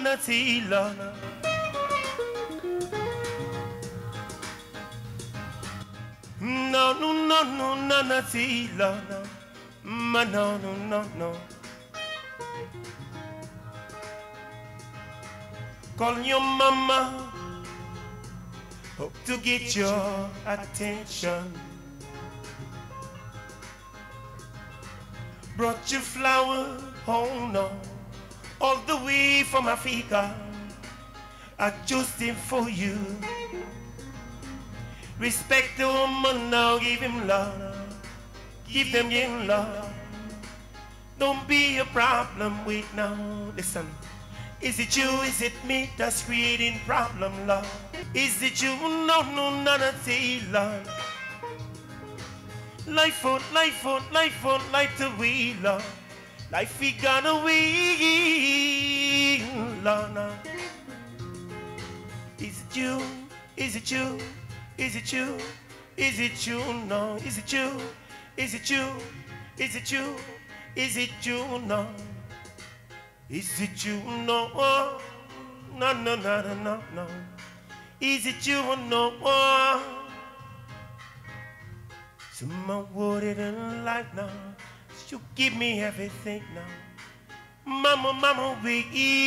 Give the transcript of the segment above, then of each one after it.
ilana si call your mama hope to get your attention brought you flowers, hold on all the way from Africa. I chose him for you. Respect woman now, give him love. Give them him love. Don't be a problem, wait now, listen. Is it you, is it me that's creating problem, love? Is it you? No, no, a day, love. Life out, life out, life out, way, love. Life we gonna win, Lana. Is Is it you? Is it you? Is it you? No. Is it you? Is it you? Is Is it you? No. Is it you? No. Is it you? No. Someone would it in life now. you give me everything now. Mama, mama, we it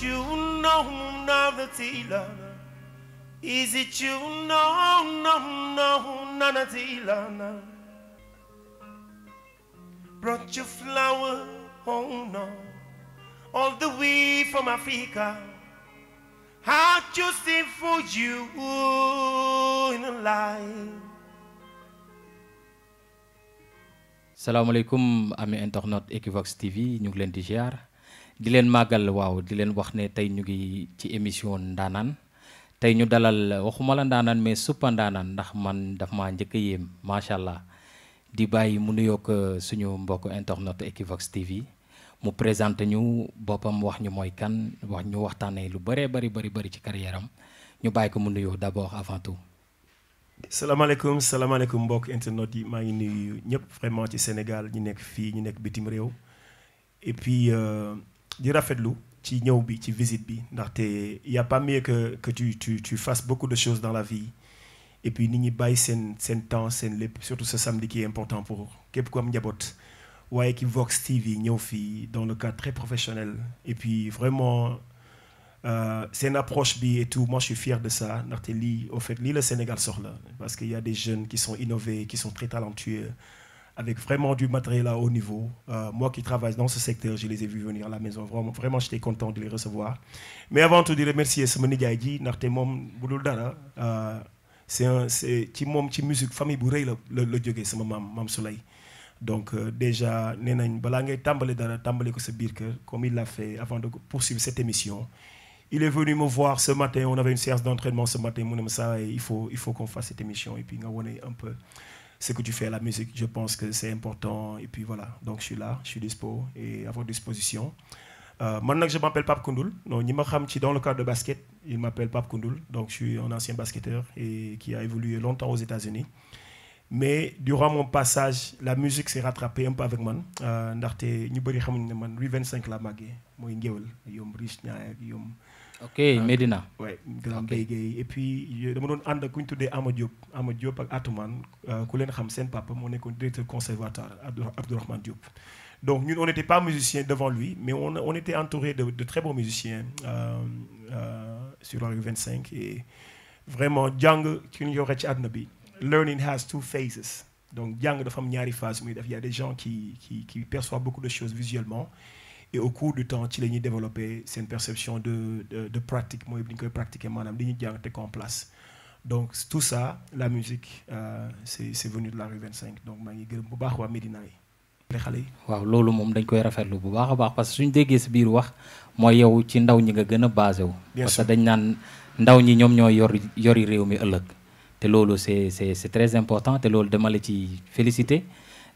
you know Is it you know, no, no, novelty, Lana? Brought you flower, oh no. all the way from Equivox TV ñu ngi leen di ziar di leen màggal waaw di leen wax ne tey ñu ngi ci émission ndaanaan tey ñu dalal waxuma la ndaanaan mais suppa ndaanaan ndax man daf ma njëkk a yéem macha allah di bàyyi mu nu yokk euh, suñu mbokk internet Equivox TV. mu présenté ñu boppam wax ñu mooy kan wax ñu waxtaanee lu bëree bari bëri bëri ci carrière ñu bàyyi ko mu nuyoo d'abord avant tout. salaamaaleykum salaamaaleykum mbokk internet yi maa ngi nuyu ñëpp vraiment ci Sénégal ñu nekk fii ñu nekk bitim réew et puis euh, di rafetlu ci ñëw bi ci visite bi ndaxte y a pas mieux que que tu tu tu beaucoup de choses dans la vie et puis nit ñi bàyyi seen seen temps seen lépp surtout ce samedi qui important pour képp ku am njaboot. waaye ki Vox TV ñëw fii dans le cadre très professionnel et puis vraiment euh, seen approche bi et tout moi je suis fier de ça ndaxte lii au fait lii la Sénégal soxla parce que y a des jeunes qui sont innovés qui sont très talentueux avec vraiment du matériel à haut niveau. Euh, moi qui travaille dans ce secteur, je les ai vus venir la maison. Vraiment, vraiment j'étais content de les recevoir. Mais avant tout, de remercier Semeni Gaïdi, Narte Mom Boulouldara. Euh, c'est un, c'est, qui mom, qui musique, famille bourrée, le, la le dieu, c'est ma maman, Soleil. donc euh, déjà nee nañ balaa ngay tàmbali dara tàmbali ko sa biir kër comme il l'a fait avant de poursuivre cette émission il est venu me voir ce matin on avait une séance d'entraînement ce matin mu ne ma saa il faut il faut qu'on fasse cette émission et puis nga wone un peu ce que tu fais la musique je pense que c'est important et puis voilà donc je suis là je suis dispo et à votre disposition euh, man nag je m'appelle Pape Koundoul ñi ma xam ci dans le cadre de basket donc je suis un ancien basketteur et qui mais durant mon passage la musique s'est rattrapée un peu avec man euh, ndaxte ñu bëri xamuñ ne man rue 25 laa màggee mooy ngéwal yom riche ñaar yoom ok Medina. waay euh, grand béykat et puis dama doon ànd ku ñu tuddee Ama Diop Ama Diop ak Atoumane euh, ku leen xam seen papa moo nekkoon directeur conservatoire Abdourahmane Diop. donc ñun on n'était pas musicien devant lui mais on on était entouré de de très bons musiciens sur la rue 25 et vraiment jàng ki ñu yore ci àdduna bi. learning has two phases. Donc, il y a des gens qui, qui, qui, perçoivent beaucoup de choses visuellement. Et au cours du temps, ils développent une perception de, de, de pratique. Ils pratiquent en place. Donc, tout ça, la musique, euh, c'est venu de la rue 25. Donc, je suis beaucoup Medina. waaw loolu moom dañ koy rafetlu bu baax a baax parce que suñ déggee si biir wax mooy yow ci ndaw ñi nga gën a basé wu parce que dañ naan ndaw ñi ñoom ñoo yor yori réew mi ëllëg te loolu c'est c'est c'est très important te loolu dama la ci féliciter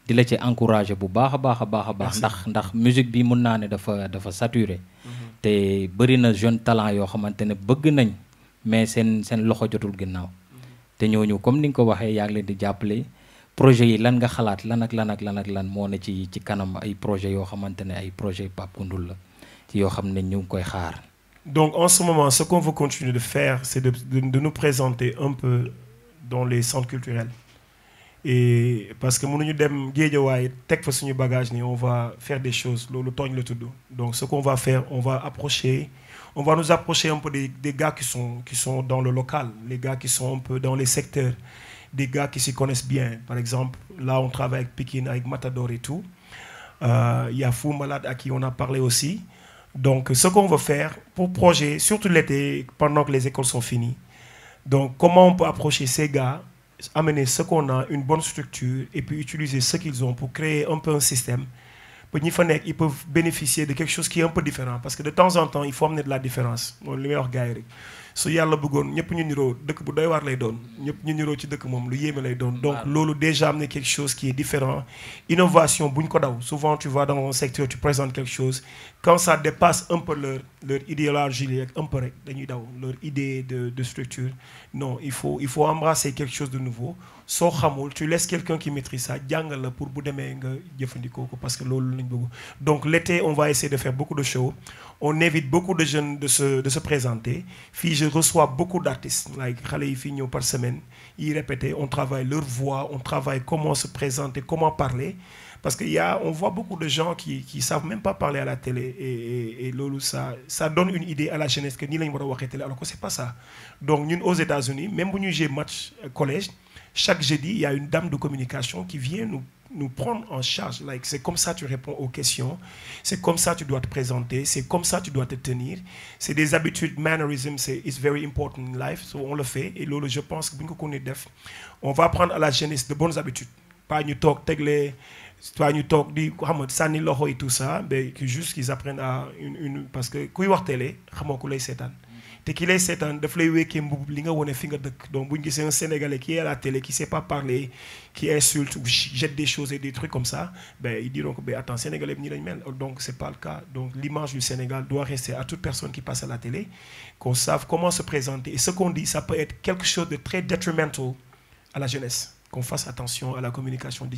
di la ci encourager bu baax a baax a baax a baax ndax ndax musique bi mun naa ne dafa dafa saturé mm-hmm. te bëri na jeune talent yoo xamante ne bëgg nañ mais seen seen loxo jotul ginnaaw mm-hmm. te ñu comme ni nga ko waxee yaa ngi leen di jàppale projet yi lan nga xalaat lan ak lan ak lan ak lan moo ne ci ci kanam ay projet yoo xamante ne ay projet Pape Koundoul la ci yoo xam ne ñu ngi koy xaar donc en ce moment ce qu'on dans les centres culturels et parce que mënuñu dem géejawaay teg fa suñu bagage ni on va faire des choses loolu tooñ la tudd donc ce qu'on va faire on va approcher on va nous approcher un peu des des gars qui sont qui sont dans le local les gars qui sont un peu dans les secteurs des gars qui s'y connaissent bien par exemple là on travaille avec Pikine avec Matador et tout euh, y Fou Malade à qui on a parlé aussi donc ce qu'on veut faire pour projet surtout l'été pendant que les écoles sont Donc, comment on peut approcher ces gars, amener ce qu'on a, une bonne structure, et puis utiliser ce qu'ils ont pour créer un peu système pour ñi fa nekk ils peuvent bénéficier de quelque chose qui est un peu différent parce que de temps en temps il faut amener de la différence moom li may wax gars su yàlla bëggoon ñëpp ñu niroo dëkk bu doy waar lay doon ñëpp ñu niroo ci dëkk moom lu yéeme lay doon donc loolu déjà am na quelque chose qui est différent innovation bu ñu ko daw souvent tu vas dans un secteur tu présentes quelque chose quand ça dépasse un peu leur leur idéologie rek un peu rek dañuy daw leur idée de de structure non il faut il faut embrasser quelque chose de nouveau soo xamul tu laisses quelqu'un qui maîtrise ça jàngal la pour bu demee nga jëfandikoo ko parce que loolu lañ bëgg donc l'été on va essayer de faire beaucoup de de jeunes reçois beaucoup d'artistes like xale yi fii ñëw par semaine yi répéter on travaille leur voix on travaille comment se présenter comment parler parce que y a on voit beaucoup de gens qui qui savent même pas parler à la télé et et, et loolu ça ça donne une idée à la jeunesse que nii la ñu war a waxee télé alors que c'est pas ça donc ñun aux États-Unis même bu ñuy jouer match collège Chaque jeudi, il y a une dame de communication qui vient nous, prendre en charge. c'est comme ça que tu réponds aux questions. C'est comme ça tu dois te présenter. C'est comme ça que tu dois te tenir. C'est des habitudes, mannerism, c'est it's very important in life. So on le fait. Et là, je pense que on va apprendre à la jeunesse de bonnes habitudes. Pas nous talk, tegler. toi ñu toog di xam nga sànni loxo yi tout ça mais juste qu'ils apprennent à une une parce que kuy wax télé xamoo ku lay seetaan te ki lay seetaan daf lay wekkee li nga wone fi nga dëkk donc bu ñu gisee un sénégalais qui est à la télé qui sait pas parler qui insulte ou jette des choses et des comme ça ben ils diront que ben attends sénégalais bi nii lañ mel donc c'est pas le cas donc l'image du Sénégal doit rester à toute personne qui passe à la télé qu'on sache comment se présenter et ce qu'on dit ça peut être quelque chose de très détrimental à la jeunesse qu'on fasse attention à la communication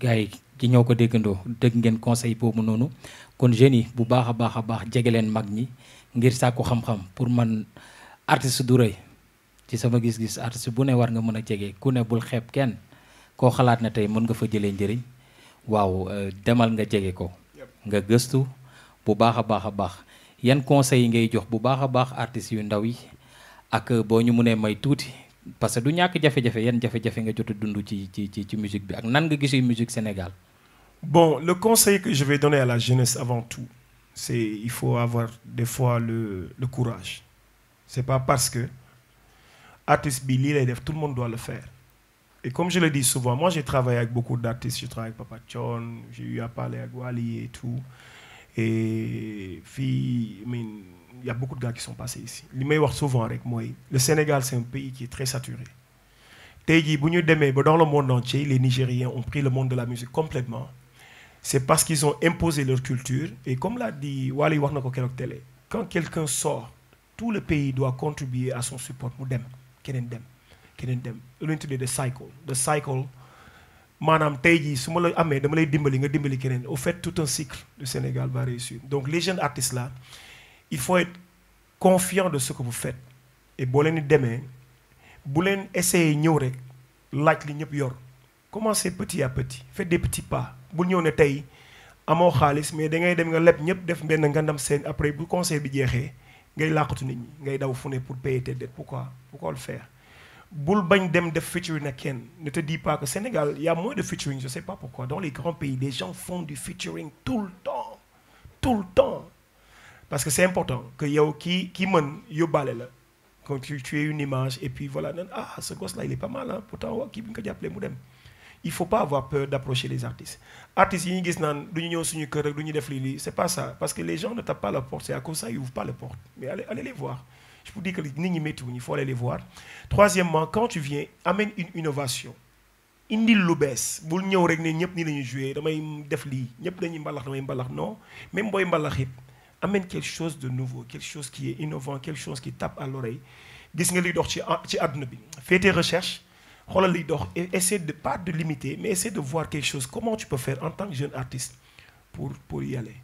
gars ki ci ñoo ko déggandoo dëgg ngeen conseil boobu noonu kon jeunes yi bu baax a baax a baax jege leen mag ñi ngir sàkku xam-xam pour man artiste du rëy ci sama gis-gis artiste bu ne war nga mën a jege ku ne bul xeeb kenn koo xalaat na tey mën nga fa jëlee njëriñ waaw euh, demal nga jege ko nga gëstu bu baax a baax a baax yan conseil yi ngay jox bu baax a baax artistes yu ndaw yi ak euh, boo ñu nee may tuuti parce que du ñàkk jafe-jafe yan jafe-jafe nga jot a dund ci ci ci ci musique bi ak nan nga gisee musique Sénégal. bon le conseil que je vais donner à la jeunesse avant tout c'est il faut avoir des fois le le courage c'est pas parce que artiste bi lii lay def tout le monde doit le faire et comme je le dis souvent moi j'ai travaillé avec beaucoup d'artistes je travaille avec Papa Thione j'ai eu à parler avec Wally et tout et fii il y a beaucoup de gars qui sont passés ici li may wax souvent rek mooy le Sénégal c'est un pays qui très saturé tey jii bu ñu demee ba dans le monde entier les Nigériens ont pris le monde de la musique complètement c'est parce qu'ils ont imposé leur culture et comme l'a di Wally wax na ko keroog télé quand quelqu'un sort tout le pays doit contribuer à son support mu dem keneen dem keneen dem lu ñu tuddee de cycle de cycle maanaam tey jii su ma la amee dama lay dimbali nga dimbali keneen au fait tout un cycle du Sénégal va réussir donc les jeunes il faut être confiant de ce bu fet boo leen di demee bu leen essayer ñëw rek laaj li ñëpp yor commencez petit à petit faites des petits pas bu ñëw ne tey amoo xaalis mais da ngay dem nga leb ñëpp def benn ngandam seen après bu conseil bi jeexee ngay làqatu nit ñi ngay daw fu ne pour payer tes dettes pourquoi pourquoi le faire bul bañ dem def featuring ak kenn ne te dis pas que Sénégal y a moins de featuring je sais pas pourquoi dans les grands pays les gens le temps tout le temps parce que c'est important que yow ki ki mën yóbbaale la quand tu, tu es une image et puis voilà nan ah ce gosse là il pas mal pourtant waa kii bi nga ko jàppale mu dem il faut pas avoir peur d'approcher les artistes artistes yi ñu gis naan du ñu ñëw suñu kër rek du ñu def lii lii c'est pas ça parce que les gens ne tapent pas la porte c'est à cause ça ils ouvrent pas la porte mais allez allez les je vous dis que nit ñi méttiwuñu il faut aller les troisièmement une innovation indil lu bees bul ñëw rek ne ñëpp nii la ñuy jouer damay def lii ñëpp dañuy mbalax damay mbalax non même booy mbalax it amène quelque chose de nouveau quelque chose qui est innovant quelque chose qui tape à l'oreille gis nga liy dox ci ci àdduna bi féete recherche xoolal liy dox et de pas de limiter mais essayer de voir quelque chose comment tu peux faire en tant que jeune artiste pour pour y aller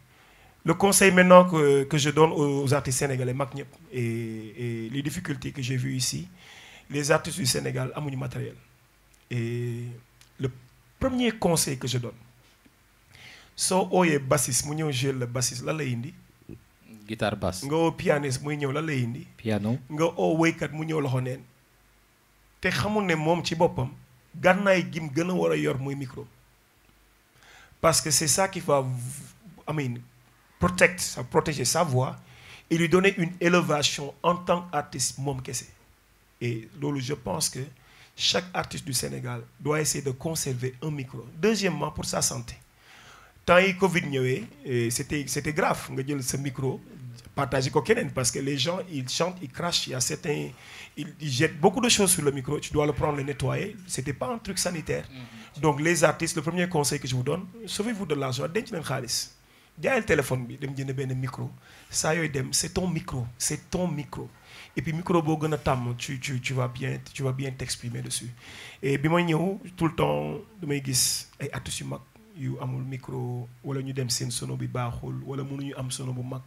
le conseil maintenant que que je donne aux artistes sénégalais mag ñëpp et et les difficultés que j'ai vues ici les artistes du Sénégal amuñu matériel et le premier conseil que je soo ooyee bassiste mu ñëw jouer le bassiste lan lay indi guitare basse. nga woo pianiste muy ñëw la la indi. piano nga woo woykat mu ñëw loxo neen. te xamul ne moom ci boppam gànnaay gim gën a war a yor muy micro. parce que c'est ça qui va I mean protéger sa voix et lui donner une élévation en tant qu'artiste moom kese. et loolu je pense que chaque artiste du Sénégal doit essayer de conserver un micro deuxièmement pour sa santé temps yi Covid ñëwee c'était c'était grave nga jël sa micro partager ko keneen parce que les gens ils chantent ils crachent il y a certains ils, ils jettent beaucoup de choses sur le micro tu dois le prendre le c'était pas un truc sanitaire mm-hmm. donc les artistes le premier conseil que je vous donne sauvez-vous de l'argent denc leen xaalis jaayal téléphone bi dem jënd benn micro saa yooyu dem c'est ton micro c'est ton micro et puis micro boo gën a tàmm tu tu tu vas bien tu vas bien t'exprimer dessus bi may ñëw tout le temps damay gis ay artistes yu mag yu amul micro wala ñu dem seen sono bi baaxul wala mënuñu am sono bu mag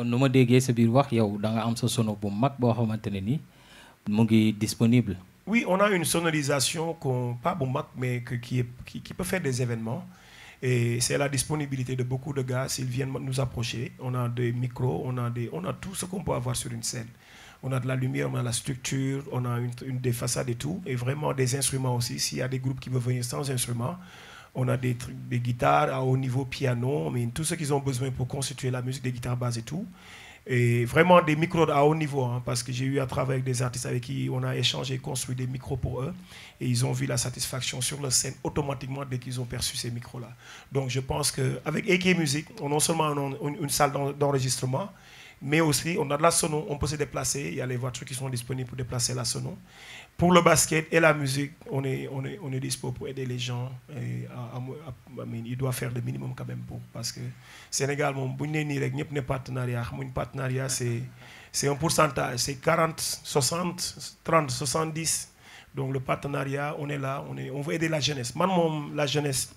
kon nu ma déggee sa biir wax yow danga am sa sono bu mag boo xamante ne ni mu ngi disponible. oui on a une sonorisation qu'on pas bu mag mais que qui est qui, qui peut faire des événements. Et c'est la disponibilité de beaucoup de gars s'ils viennent nous approcher. On a des micros, on a, des, tout ce qu'on peut avoir sur une scène. On a de la lumière, on a la structure, on a une, des façades et tout. Et vraiment des instruments aussi. S'il y a des groupes qui veulent venir sans instruments, on a des, trucs, des guitares à haut piano, tout ce qu'ils ont besoin pour constituer la musique, des guitares basses et tout. Et vraiment des micros à haut niveau, hein, parce que j'ai eu à travailler avec des artistes avec qui on a échangé et construit des micros pour eux. Et ils ont vu la satisfaction sur la scène automatiquement dès qu'ils ont perçu ces micros-là. Donc je pense qu'avec AK Music, non seulement une, salle d'enregistrement, Mais aussi, on a de la sono, on peut se déplacer. Il y a les voitures qui sont disponibles pour déplacer la sono. Pour le basket et la musique, on est, on est, on est dispo pour aider les gens. Et eh, à, à, à, il doit faire le minimum quand même pour. Parce que Sénégal, mon partenariat. Mon partenariat, c'est un pourcentage. C'est 40, 60, 30, 70. Donc le partenariat, on est là, on, est, on veut aider la jeunesse. Moi, la jeunesse,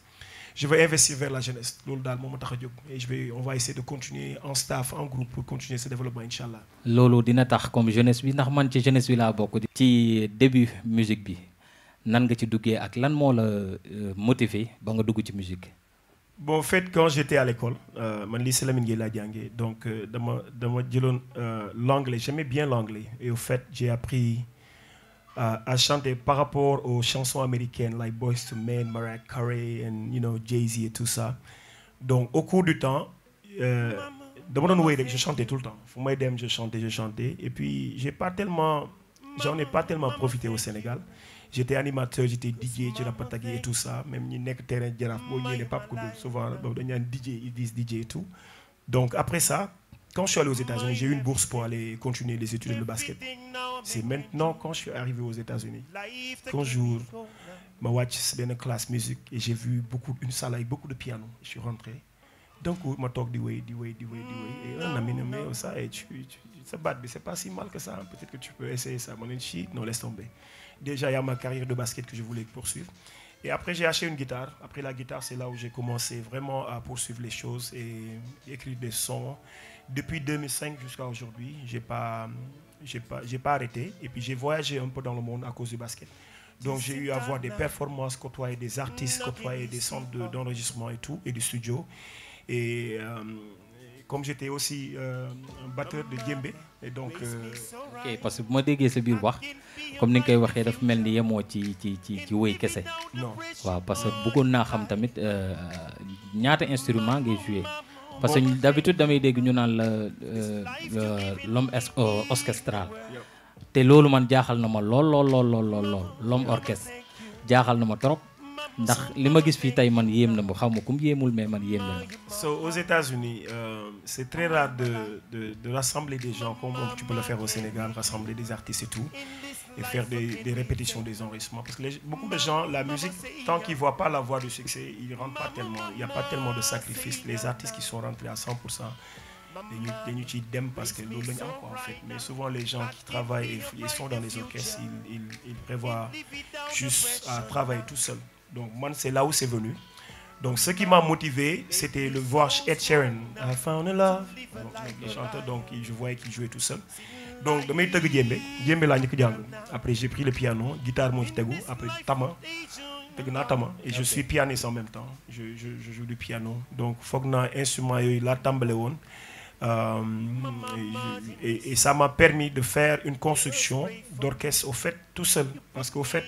je veux investir vers la jeunesse loolu daal moo ma tax a jóg et je vais on va essayer de continuer en staff en groupe pour continuer ce développement incha allah. loolu dina tax comme jeunesse bi ndax man ci jeunesse bi laa bokk. ci début musique bi nan nga ci duggee ak lan moo la euh, motiver ba nga dugg ci musique. boo en fait quand j'étais à l'école euh, man euh, lycée Lamine Gueye laa jàngee donc euh, dama dama jëloon l'anglais j'aimais bien l'anglais et au fait j'ai appris. a chante par rapport aux chansons américaines, like Boys to Men, Mariah Carey, and you know, Jay-Z et tout ça. Donc, au cours du temps, euh, de mon way, je chantais tout le temps. Faut moi je chantais, je chantais. Et puis, j'ai pas tellement, j'en ai pas tellement profité au Sénégal. J'étais animateur, j'étais DJ, j'ai rapatagé et tout ça. Même ni nek terrain, j'ai rapatagé, les papes, souvent, ils disent DJ et tout. Donc, après ça, quand je suis allé aux États-Unis, j'ai eu une bourse pour aller continuer les études de basket. C'est maintenant, quand je suis arrivé aux États-Unis, qu'un ma watch, c'est une classe musique et j'ai vu beaucoup, une salle avec beaucoup de pianos. Je suis rentré. Donc, ma talk du way, du way, du way, du way. Et un mm, ami me ça, et tu, bat, mais c'est pas si mal que ça. Peut-être que tu peux essayer ça. Mon non, laisse tomber. Déjà, il a ma carrière de basket que je voulais poursuivre. Et après, j'ai acheté une guitare. Après la guitare, c'est là où j'ai commencé vraiment à poursuivre les choses et écrire des sons. Depuis 2005 jusqu'à aujourd'hui, je n'ai pas, j'ai pas, pas arrêté. Et puis, j'ai voyagé un peu dans le monde à cause du basket. Donc, j'ai eu à voir des performances, côtoyer des artistes, côtoyer des centres d'enregistrement de, et tout, et du studio. Et euh, comme j'étais aussi euh, un batteur de djembé, donc. Euh, parce que bu ma déggee sa biir wax comme ni nga koy waxee dafa mel ni yemoo ci ci ci ci woy kese. non waaw parce que buggoon naa xam tamit euh, ñaata instrument ngay joué. parce que d'habitude damay dégg ñu naan la euh, l'homme orchestral. te loolu man jaaxal na ma lool lool lool lool lool orchestre jaaxal na ma trop. ndax li ma gis fii tey man yéem na ma xaw ma ku mu yéemul man yéem na ma. Euh, de de de rassembler des gens comme tu peux le faire au et tout des des répétitions des enregistrements parce que beaucoup de gens la musique tant qu'ils voient pas la voie du succès il y a pas tellement de sacrifices les artistes qui sont rentrés à 100 pour cent dem parce que loolu la ñu am quoi les gens qui travaillent et sont dans les orchestres ils prévoient à travailler tout seul. Donc, man, c'est là où c'est venu. Donc, ce qui m'a motivé, c'était le voir Ed Sheeran. I found a love. Donc, les chanteurs, donc, je voyais qu'il jouait tout seul. Donc, je me suis dit, djembe la Après, j'ai pris le piano, guitare, mon après, tama. Et je suis pianiste en même temps. Je, je, du piano. Donc, il faut que un instrument, la tambalé. Euh, et, et, ça m'a permis de faire une construction d'orchestre au fait tout seul. Parce qu'au fait,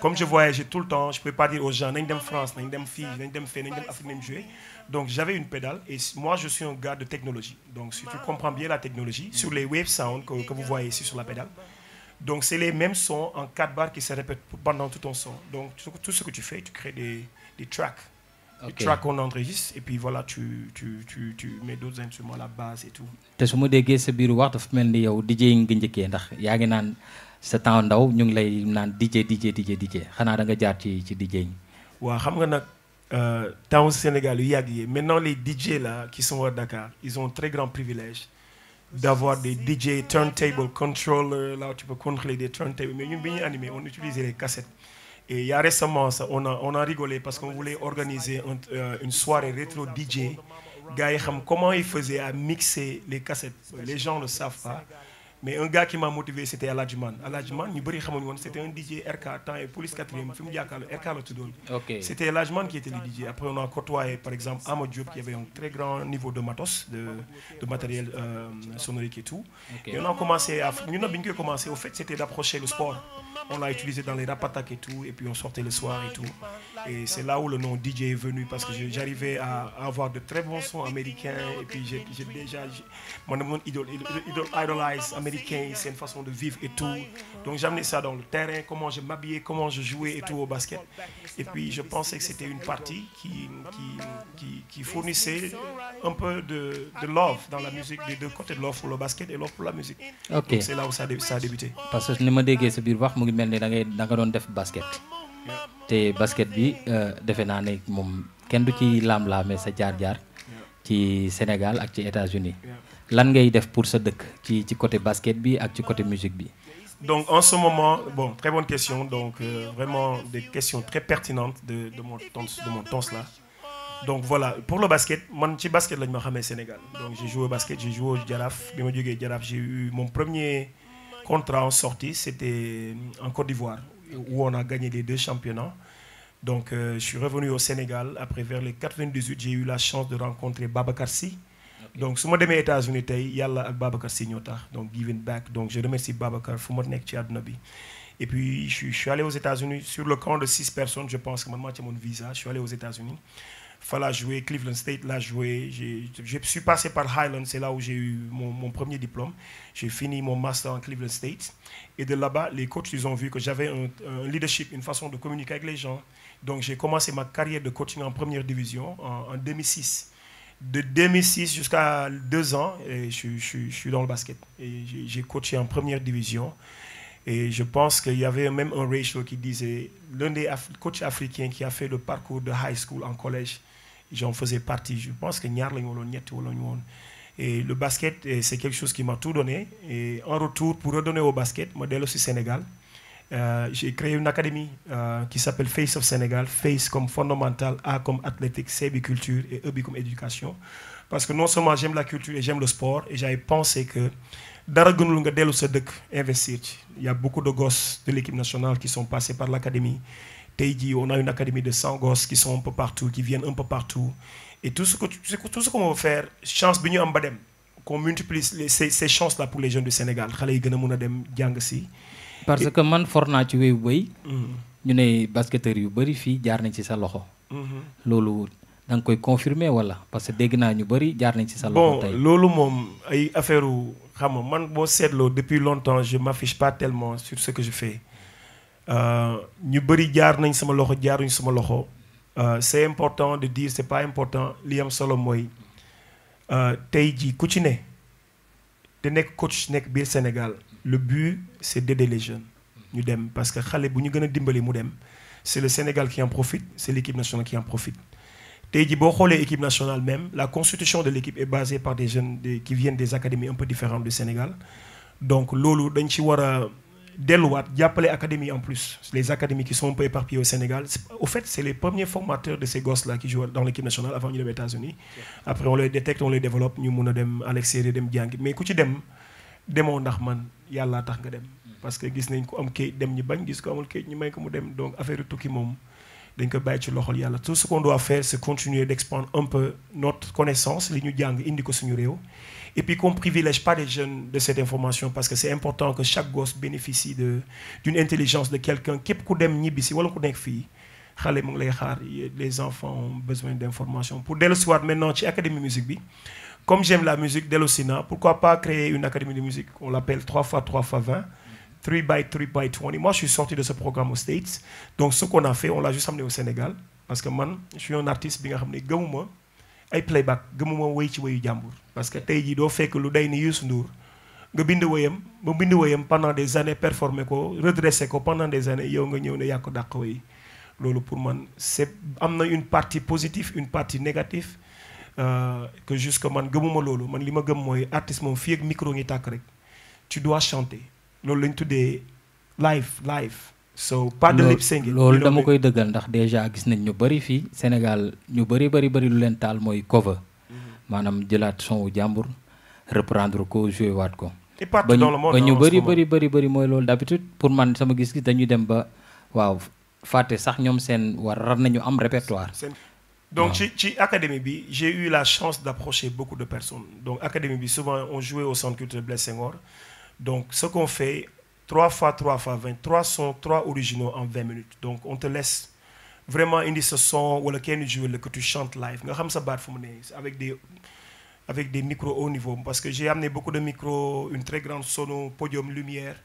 comme je voyageais tout le temps je pouvais pas dire aux gens nañ dem France nañ dem fii nañ dem fee nañ dem Afrique nañ jouer donc j'avais une pédale et je suis un gars de technologie donc si tu comprends bien la technologie sur les wave sound que, que vous voyez ici sur la pédale donc c'est les mêmes sons en quatre barres qui se répètent pendant tout ton donc tout ce que tu fais tu crées des des tracks ok enregistre et puis voilà tu mets d'autres la basse et te su ma déggee sa biir wax dafa mel ni yow DJ nga njëkkee ndax yaa ngi naan. sa temps ndaw ñu ngi lay naan DJ DJ DJ DJ xanaa da nga jaar ci ci DJ ñi. waaw xam nga nag euh, temps Sénégal yu yàgg yi maintenant les DJ la ki sont à Dakar ils ont très grand privilège d'avoir des DJ turntable controller là tu peux contrôler mais ñun bi ñu animé on utilisait les cassettes. Et il y a récemment, ça, on, a, on parce qu'on voulait organiser un, euh, une soirée rétro yi xam comment ils faisaient à mixer les cassettes Les gens ne le savent pas. mais un gars qui m'a motivé c' était Aladji Man Aladji Man ñu bëri xamuñu un DJ RK temps et police quatrième fi mu RK la tuddoon. ok c' qui était le DJ après on a côtoyé par exemple Ama Diop qui avait un très grand niveau de matos de matériel euh, sonorique et tout. et on a commencé à ñun nag c' le sport on l'a utilisé dans les rap et tout et on sortait le soir et tout et c' là où le nom DJ est venu parce américain, c'est une façon de vivre et tout. Donc j'amenais ça dans le terrain, comment je m'habillais, comment je jouais et tout au basket. Et puis je pensais que c'était une partie qui, qui, fournissait un peu de, de love dans la musique, des deux côtés de love pour le basket et love pour la musique. ok c'est là où ça, ça Parce que ni ma déggee sa biir wax mu ngi mel ni da ngay da nga doon def basket. te basket bi euh, defe naa ne moom kenn du ci laam-laamee sa jaar-jaar. ci Sénégal ak ci états lan ngay def pour sa dëkk ci ci côté basket bi ak ci côté musique bi. donc en ce moment bon très bonne question donc euh, des questions très pertinentes de de mon temps de mon temps là. donc voilà pour le basket man ci basket lañ ma xamee Sénégal donc j'ai joué au basket j'ai joué au Jaraaf bi ma jógee Jaraaf j'ai eu mon premier contrat en sortie c'était euh, en Côte d'Ivoire où on a gagné les deux championnats donc euh, je suis revenu au Sénégal après vers les 98 j'ai eu la chance de rencontrer Babacar Sy donc su ma demee États-Unis tey yàlla ak Babacar si tax donc giving back donc je remercie Babacar fu ma nekk ci àdduna et je suis allé aux États-Unis sur le camp de six personnes je pense que man maa ci amoon visa je suis allé aux États-Unis fa laa joué Cleveland State laa joué j'ai je suis passé par Highland c'est là où j'ai eu mon premier diplôme j'ai fini mon master en Cleveland State et de là-bas les coachs ils ont que j'avais un, leadership de jusqu'à deux ans, et je, je, je, suis dans le basket. J'ai coaché en première division. Et je pense qu'il y avait même un ratio qui disait l'un des Af coachs africains qui a fait le parcours de high school en collège, j'en faisais partie. Je pense que Et le basket, c'est quelque chose qui m'a tout donné. Et en retour, pour redonner au basket, modèle aussi Sénégal. Euh, j'ai créé une académie euh, qui s'appelle Face of Sénégal. Face comme fondamental, A comme athlétique, C comme culture et E comme éducation. Parce que non seulement j'aime la culture et j'aime le sport, et j'avais pensé que investir. Il y a beaucoup de gos de l'équipe nationale qui sont passés par l'académie. Teiji, on a une académie de 100 gosses qui sont un peu partout, qui viennent un peu partout. Et tout ce qu'on ce qu'on veut faire, chance am qu'on multiplie ces, ces chances-là pour les jeunes du Sénégal. Xalé yi gëna mëna dem jang parce que man for naa ci wéyu béy mm-hmm. ñu ne basketteurs yu bëri fii jaar nañ ci sa loxo. Mm-hmm. loolu da nga koy confirmer wala parce que dégg naa ñu bëri jaar nañ ci sa loxo tey. loolu moom ay affaire xam nga man boo seetloo depuis longtemps je m'affiche sur ce que je euh, ñu bëri jaar nañ sama loxo jaaruñ sama loxo euh, c'est important de dire c'est pas important li am solo mooy euh, tey jii ku ci ne te nekk coach nekk biir Sénégal. le but c'est d'aider les jeunes ñu dem parce que xale bu ñu gën a dimbali mu dem c'est le Sénégal qui en profite c'est l'équipe nationale qui en profite tey jii boo xoolee équipe nationale même la constitution de l'équipe est basée par des jeunes qui viennent des académies un peu différentes du Sénégal donc loolu dañ ci war a delluwaat jàppale académies en plus les académies qui sont un peu éparpillées au Sénégal au fait c'est les premiers formateurs de ces gosses là qui dem demoo ndax man yàlla tax nga dem parce que gis nañ ko am kayit dem ñi bañ gis ko amul kayit ñi may ko mu dem donc affaire tukki moom dañ ko bàyyi ci loxol yàlla tout ce qu'on doit faire c'est continuer d'expandre un peu connaissance li ñu jàng indi ko suñu réew et puis qu'on privilège pas les jeunes de cette information parce que c'est important que chaque gosse bénéficie de d'une intelligence de quelqu'un képp ku dem ñibbi si wala ko nekk fii xale mu ngi lay xaar les enfants ont pour dellu siwaat maintenant ci académie bi comme j'aime la musique d'Elosina, pourquoi pas créer une académie de musique On l'appelle 3 x 3 x 20, 3 by 3 by 20. Moi, je suis sorti de ce programme aux States. Donc, ce qu'on a fait, on l'a juste amené au Sénégal. Parce que moi, je suis un artiste qui a amené ay playback gëmuma woy ci wayu jàmbur. parce que tey jii doo fekk lu day ni Youssou Ndour nga bind woyam ma bind woyam pendant des années performer ko redressé ko pendant des années yow nga ñëw ne yaa ko dàq woy loolu pour man c'est am na une partie positive une partie négative. Euh, que jusque man gëmuma loolu man li ma gëm mooy artiste moom fii ak micro ngi tàkk rek tu dois chanter loolu lañ tuddee live live so pas de lip sync loolu dama koy dëggal ndax déjà gis nañ ñu bëri fii Sénégal ñu bari bari bëri lu leen taal mooy cover mm-hmm. maanaam jëlaat son wu jàmbur reprendre ko joué waat ko ba ñu bëri bari bari bari mooy loolu d'habitude pour man sama gis-gis dañuy dem ba waaw fàtte sax ñoom seen war rar nañu am répertoire Donc, wow. chez, Académie, j'ai eu la chance d'approcher beaucoup de personnes. Donc, Académie, souvent, on jouait au centre culturel Blaise Senghor. Donc, ce qu'on fait, 3 fois 3 fois 20, 3 sons, 3 originaux en 20 minutes. Donc, on te laisse vraiment indi ce son ou lequel joue, que tu chantes live. Avec des, avec des micros haut niveau. Parce que j'ai amené beaucoup de micros, une très grande sono, podium, lumière.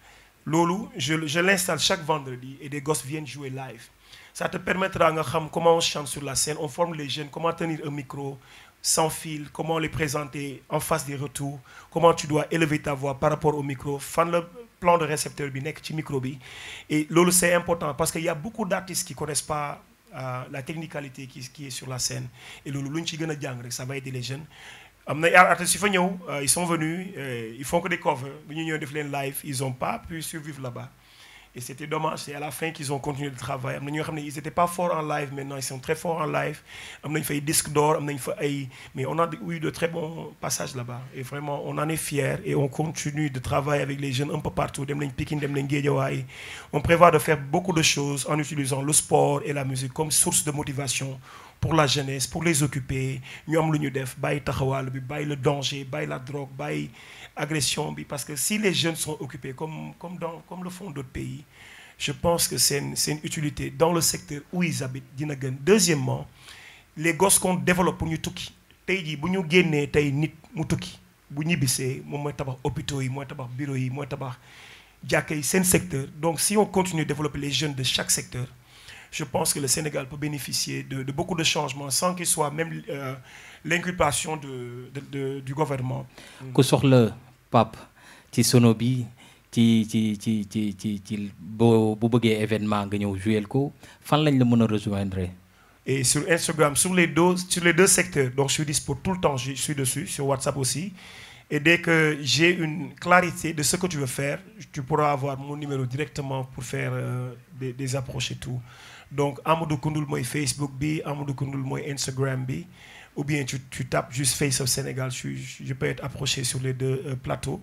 Lolo, je, je l'installe chaque vendredi et des gosses Ça te permettra de savoir comment on chante sur la scène, on forme les jeunes, comment tenir un micro sans fil, comment les présenter en face des retours, comment tu dois élever ta voix par rapport au micro, fan le plan de récepteur bi nek ci micro bi. Et lolu c'est important parce qu'il y a beaucoup d'artistes qui connaissent pas euh, la technicalité qui, est sur la scène et lolu luñ ci gëna jàng rek ça va aider les jeunes. Amna artistes yu fa ñew, euh, ils sont euh, que des covers, ñu ñëw def leen live, ils ont pas pu survivre là Et c'était dommage, c'est à la fin qu'ils ont continué de travailler. Ils n'étaient pas forts en live, maintenant ils sont très forts en live. Ils ont fait des disques d'or, mais on a eu de très bons passages là-bas. Et vraiment, on en est fiers et on continue de travailler avec les jeunes un peu partout. On prévoit de faire beaucoup de choses en utilisant le sport et la musique comme source de motivation pour la jeunesse, pour les occuper. Nous avons agression bi parce que si les jeunes sont occupés comme comme dans comme le font d'autres pays je pense que c'est c'est une utilité dans le secteur où ils habitent dina gën deuxièmement les gosses qu'on développe pour ñu tukki tey jii bu ñu génnee tey nit mu tukki bu ñibbisee moom mooy tabax hôpitaux yi mooy tabax bureaux yi mooy tabax jàkka yi seen secteur donc si on continue de développer les jeunes de chaque secteur je pense que le Sénégal peut bénéficier de de beaucoup de changements sans qu'il soit même euh, l'inculpation de, de de du gouvernement. ku soxla. Pape ci sono bi ci ci ci ci ci ci boo bu bëggee événement nga ñëw jouer ko fan lañu la mën a rejoindre et sur Instagram sur les deux sur les deux secteurs donc je suis dispo tout le temps je suis dessus sur WhatsApp aussi et dès que j'ai une clarité de ce que tu veux faire tu pourras avoir mon numéro directement pour faire euh, des des tout donc Amadou Koundoul mooy Facebook bi Amadou Koundoul mooy Instagram bi. ou bien tu, tu tapes juste Face of Sénégal, je, je, peux être approché sur les deux euh, plateaux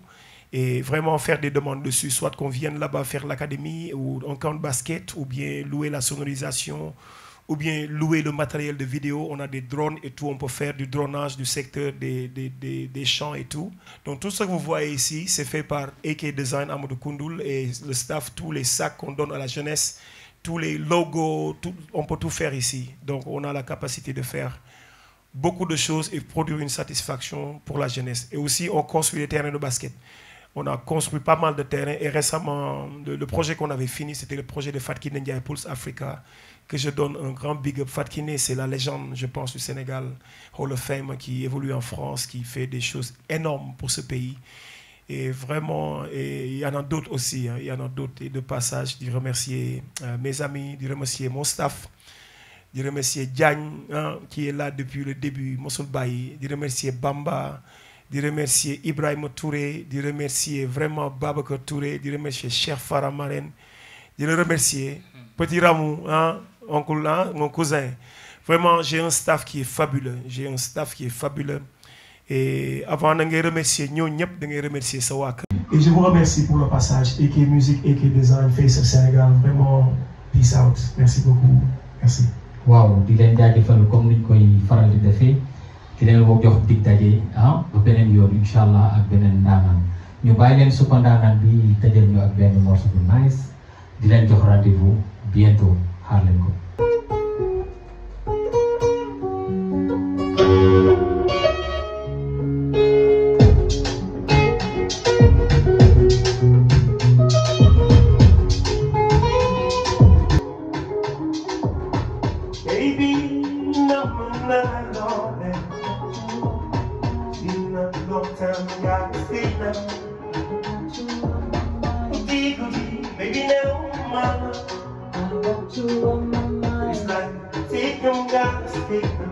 et vraiment faire des demandes dessus, soit qu'on vienne là-bas faire l'académie ou un camp de basket, ou bien louer la sonorisation, ou bien louer le matériel de vidéo. On a des drones et tout, on peut faire du dronage du secteur des, des, des, des champs et tout. Donc tout ce que vous voyez ici, c'est fait par AK Design Amadou Koundoul et le staff, tous les sacs qu'on donne à la jeunesse, tous les logos, tout, on peut tout faire ici. Donc on a la capacité de faire beaucoup de choses et produire une satisfaction pour la jeunesse. Et aussi, on construit des terrains de basket. On a construit pas mal de terrains et récemment, le, le projet qu'on avait fini, c'était le projet de Fatkine Ndiaye Pulse Africa, que je donne un grand big up. Fatkine, c'est la légende, je pense, du Sénégal, Hall of Fame, qui évolue en France, qui fait des choses énormes pour ce pays. Et vraiment, et il y en a d'autres de passage, de remercier euh, mes amis, de remercier mon di remercier Diagne qui est là depuis le début mosul bàyyi di remercier Bamba di remercier Ibrahima Touré di remercier vraiment Babacar Touré di remercier Cheikh Fara Marène di le remercier Petit Ramou ah cousin vraiment j'ai un staff qui est fabuleux j'ai un staff qui est fabuleux et avant da ngay remercier ñëw ñëpp da ngay remercier sa waa kër et je vous remercie pour le passage EK Musique EK Design Face of Sénégal vraiment peace out merci waaw di leen jaajëfal comme niñ koy faral di defee di leen ko jox dig daje ah ba beneen yoon incha allah ak beneen ndaanaan ñu bàyyi leen suppa ndaanaan bi tëjal ñu ak benn morceau bu nice di leen jox rendez-vous bientôt xaar leen ko. Baby, now, mama. I want you on my mind. It's like, take them, gotta stick them.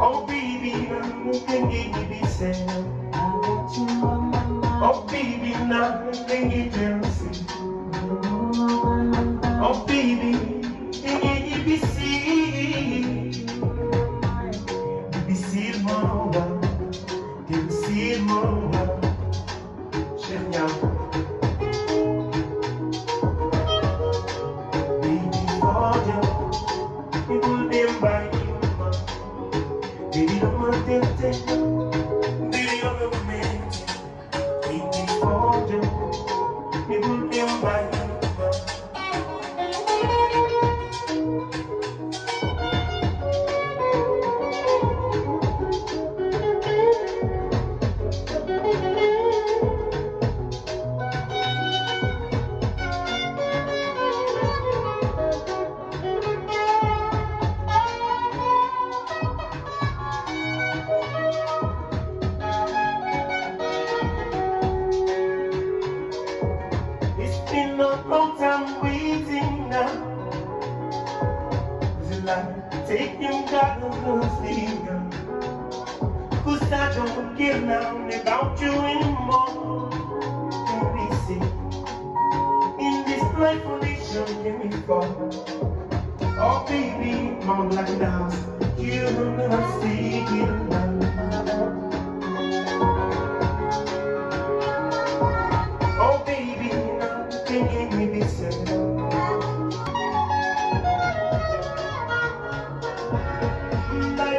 Oh, baby, now, you can give me this. I want you on my mind. Oh, baby, now, you can give me this. Oh, baby.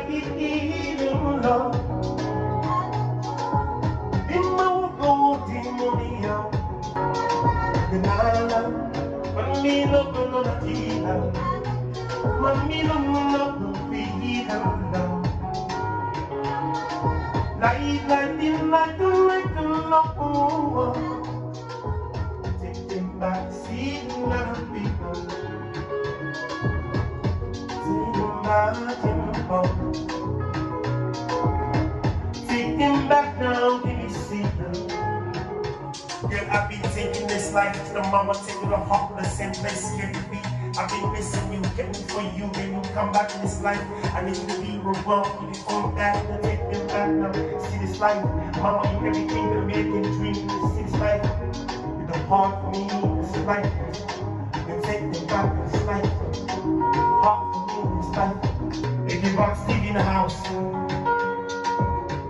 بالدين الله من موجود منيع بالعالم من مين نقل نتيلا من مين نقل فيه الله ليلة دلة دلة القوة تتبع سيدنا بكم سيدنا like the mama take you to heart, the same place you be. I've been missing you, getting for you, then you come back in this life. I need you to be rewound, you come back, and take them back now. See this life, mama, you everything, the American dream. See this life, you the heart for me, this life. You take them back, this life. Heart for me, this life. Baby Rock Steve in the house.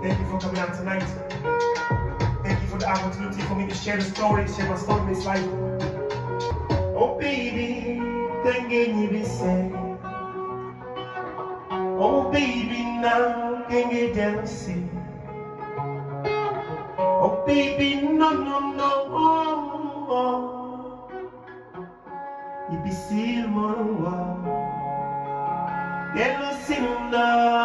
Thank you for coming out tonight. opportunity for me to share the story, share my story. It's like, oh baby, then can you be say? Oh baby, now can you dance? Oh baby, no, no, no, oh, oh. You be still more, wow. Get no sin now.